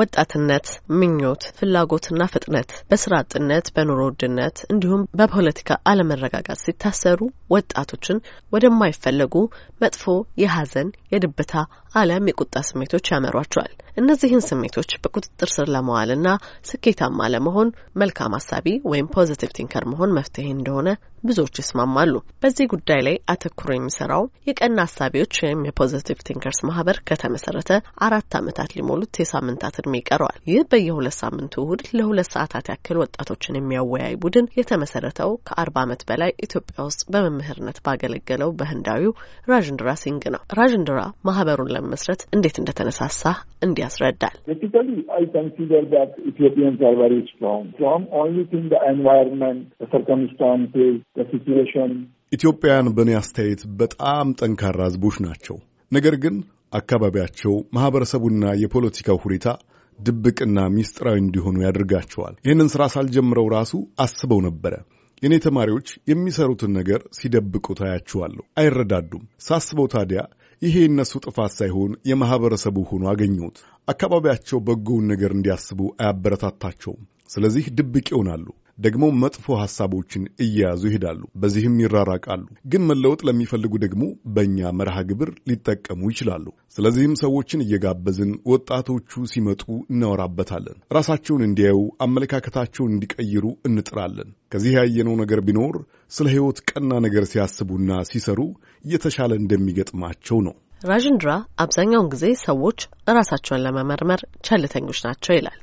ወጣትነት፣ ምኞት፣ ፍላጎትና ፍጥነት በስራ አጥነት፣ በኑሮ ውድነት እንዲሁም በፖለቲካ አለመረጋጋት ሲታሰሩ ወጣቶችን ወደማይፈለጉ መጥፎ የሀዘን፣ የድብታ አለም የቁጣ ስሜቶች ያመሯቸዋል። እነዚህን ስሜቶች በቁጥጥር ስር ለመዋልና ስኬታማ ለመሆን መልካም አሳቢ ወይም ፖዚቲቭ ቲንከር መሆን መፍትሄ እንደሆነ ብዙዎች ይስማማሉ። በዚህ ጉዳይ ላይ አተኩሮ የሚሰራው የቀና አሳቢዎች ወይም የፖዘቲቭ ቲንከርስ ማህበር ከተመሰረተ አራት ዓመታት ሊሞሉት የሳምንታት እድሜ ይቀረዋል። ይህ በየሁለት ሳምንቱ እሁድ ለሁለት ሰዓታት ያክል ወጣቶችን የሚያወያይ ቡድን የተመሰረተው ከአርባ ዓመት በላይ ኢትዮጵያ ውስጥ በመምህርነት ባገለገለው በህንዳዊው ራዥንድራ ሲንግ ነው። ራዥንድራ ማህበሩን ለመመስረት እንዴት እንደተነሳሳ እንዲህ ያስረዳል። ኢትዮጵያውያን በእኔ አስተያየት በጣም ጠንካራ ህዝቦች ናቸው። ነገር ግን አካባቢያቸው፣ ማህበረሰቡና የፖለቲካው ሁኔታ ድብቅና ሚስጥራዊ እንዲሆኑ ያደርጋቸዋል። ይህንን ስራ ሳልጀምረው ራሱ አስበው ነበረ። የእኔ ተማሪዎች የሚሰሩትን ነገር ሲደብቁ ታያችኋለሁ። አይረዳዱም። ሳስበው ታዲያ ይሄ የእነሱ ጥፋት ሳይሆን የማኅበረሰቡ ሆኖ አገኘሁት። አካባቢያቸው በጎውን ነገር እንዲያስቡ አያበረታታቸውም። ስለዚህ ድብቅ ይሆናሉ። ደግሞ መጥፎ ሀሳቦችን እየያዙ ይሄዳሉ። በዚህም ይራራቃሉ። ግን መለወጥ ለሚፈልጉ ደግሞ በእኛ መርሃ ግብር ሊጠቀሙ ይችላሉ። ስለዚህም ሰዎችን እየጋበዝን ወጣቶቹ ሲመጡ እናወራበታለን። ራሳቸውን እንዲያዩ፣ አመለካከታቸውን እንዲቀይሩ እንጥራለን። ከዚህ ያየነው ነገር ቢኖር ስለ ሕይወት ቀና ነገር ሲያስቡና ሲሰሩ እየተሻለ እንደሚገጥማቸው ነው። ራዥንድራ አብዛኛውን ጊዜ ሰዎች እራሳቸውን ለመመርመር ቸልተኞች ናቸው ይላል።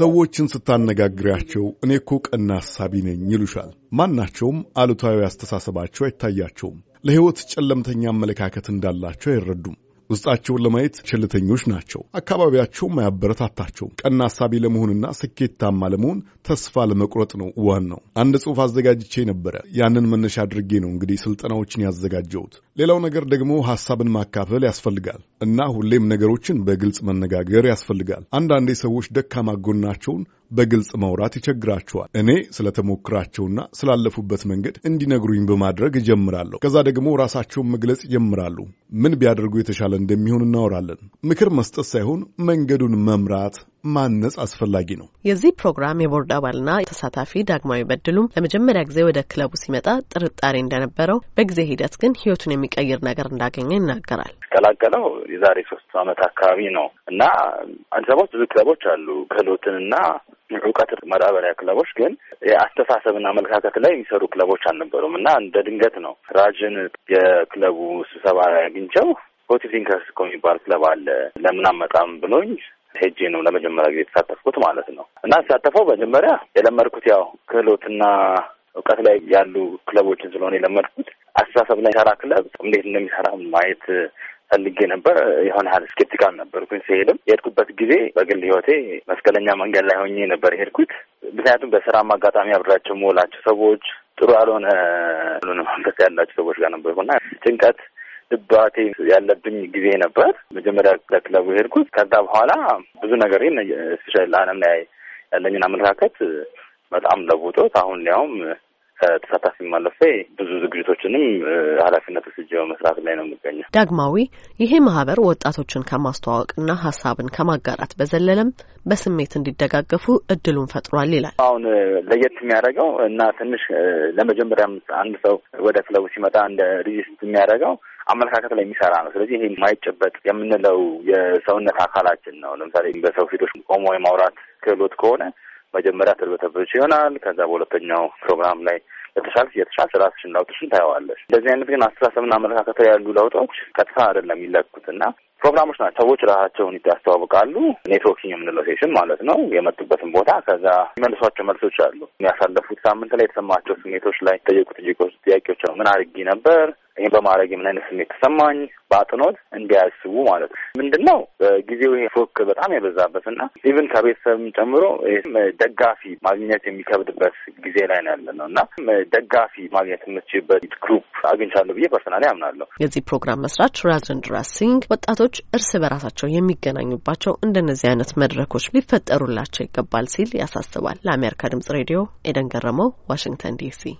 ሰዎችን ስታነጋግሪያቸው እኔ እኮ ቀና ሀሳቢ ነኝ ይሉሻል። ማናቸውም አሉታዊ አስተሳሰባቸው አይታያቸውም። ለሕይወት ጨለምተኛ አመለካከት እንዳላቸው አይረዱም። ውስጣቸውን ለማየት ቸልተኞች ናቸው። አካባቢያቸውም አያበረታታቸውም። ቀና ሀሳቢ ለመሆንና ስኬታማ ለመሆን ተስፋ ለመቁረጥ ነው ዋናው። አንድ ጽሑፍ አዘጋጅቼ ነበረ። ያንን መነሻ አድርጌ ነው እንግዲህ ስልጠናዎችን ያዘጋጀሁት። ሌላው ነገር ደግሞ ሀሳብን ማካፈል ያስፈልጋል እና ሁሌም ነገሮችን በግልጽ መነጋገር ያስፈልጋል። አንዳንዴ ሰዎች ደካማ ጎናቸውን በግልጽ መውራት ይቸግራቸዋል። እኔ ስለተሞክራቸውና ስላለፉበት መንገድ እንዲነግሩኝ በማድረግ እጀምራለሁ። ከዛ ደግሞ ራሳቸውን መግለጽ ይጀምራሉ። ምን ቢያደርጉ የተሻለ እንደሚሆን እናወራለን። ምክር መስጠት ሳይሆን መንገዱን መምራት ማነጽ አስፈላጊ ነው። የዚህ ፕሮግራም የቦርድ አባልና ተሳታፊ ዳግማዊ በድሉም ለመጀመሪያ ጊዜ ወደ ክለቡ ሲመጣ ጥርጣሬ እንደነበረው፣ በጊዜ ሂደት ግን ህይወቱን የሚቀይር ነገር እንዳገኘ ይናገራል። ቀላቀለው የዛሬ ሶስት አመት አካባቢ ነው እና አዲስ አበባ ውስጥ ብዙ ክለቦች አሉ ክህሎትንና እውቀት መዳበሪያ ክለቦች ግን የአስተሳሰብና አመለካከት ላይ የሚሰሩ ክለቦች አልነበሩም እና እንደ ድንገት ነው ራጅን የክለቡ ስብሰባ ላይ አግኝቸው ፖቲ እኮ የሚባል ክለብ አለ ለምን አመጣም ብሎኝ ሄጄ ነው ለመጀመሪያ ጊዜ የተሳተፍኩት ማለት ነው። እና የተሳተፈው መጀመሪያ የለመድኩት ያው ክህሎትና እውቀት ላይ ያሉ ክለቦችን ስለሆነ የለመድኩት አስተሳሰብ ላይ ሰራ ክለብ እንዴት እንደሚሰራ ማየት ፈልጌ ነበር። የሆነ ያህል ስኬፕቲካል ነበርኩኝ ሲሄድም። የሄድኩበት ጊዜ በግል ህይወቴ መስቀለኛ መንገድ ላይ ሆኜ ነበር የሄድኩት። ምክንያቱም በስራም አጋጣሚ አብራቸው መውላቸው ሰዎች ጥሩ ያልሆነ መንፈስ ያላቸው ሰዎች ጋር ነበርኩና ጭንቀት ድባቴ ያለብኝ ጊዜ ነበር። መጀመሪያ ለክለቡ ሄድኩት። ከዛ በኋላ ብዙ ነገር ስፔሻሊ ለዓለም ላይ ያለኝን አመለካከት በጣም ለውጦት አሁን ሊያውም ተሳታፊ ማለፈ ብዙ ዝግጅቶችንም ኃላፊነት ስጅ መስራት ላይ ነው የምገኘው። ዳግማዊ ይሄ ማህበር ወጣቶችን ከማስተዋወቅና ሀሳብን ከማጋራት በዘለለም በስሜት እንዲደጋገፉ እድሉን ፈጥሯል ይላል። አሁን ለየት የሚያደርገው እና ትንሽ ለመጀመሪያ አንድ ሰው ወደ ክለቡ ሲመጣ እንደ ሪጅስት የሚያደርገው አመለካከት ላይ የሚሰራ ነው። ስለዚህ ይሄ የማይጨበጥ የምንለው የሰውነት አካላችን ነው። ለምሳሌ በሰው ፊቶች ቆሞ የማውራት ክህሎት ከሆነ መጀመሪያ ትርበተብች ይሆናል። ከዛ በሁለተኛው ፕሮግራም ላይ በተሻለ የተሻለ ራስሽን ለውጥሽን ታየዋለች። እንደዚህ አይነት ግን አስተሳሰብና አመለካከት ያሉ ለውጦች ቀጥታ አይደለም የሚለኩት እና ፕሮግራሞች ናቸው። ሰዎች ራሳቸውን ያስተዋውቃሉ። ኔትወርኪንግ የምንለው ሴሽን ማለት ነው። የመጡበትን ቦታ ከዛ የሚመልሷቸው መልሶች አሉ። የሚያሳለፉት ሳምንት ላይ የተሰማቸው ስሜቶች ላይ ጠየቁ ጥያቄዎች ነው። ምን አድርጌ ነበር? ይህን በማድረግ የምን አይነት ስሜት ተሰማኝ፣ በአጥኖት እንዲያስቡ ማለት ነው። ምንድን ነው ጊዜው ይሄ ፎክ በጣም የበዛበት እና ኢቭን ከቤተሰብም ጨምሮ ደጋፊ ማግኘት የሚከብድበት ጊዜ ላይ ነው ያለ ነው እና ደጋፊ ማግኘት የምችበት ግሩፕ አግኝቻለሁ ብዬ ፐርሰናሊ አምናለሁ። የዚህ ፕሮግራም መስራች ራጀንድራ ሲንግ ወጣቶች እርስ በራሳቸው የሚገናኙባቸው እንደነዚህ አይነት መድረኮች ሊፈጠሩላቸው ይገባል ሲል ያሳስባል። ለአሜሪካ ድምጽ ሬዲዮ ኤደን ገረመው፣ ዋሽንግተን ዲሲ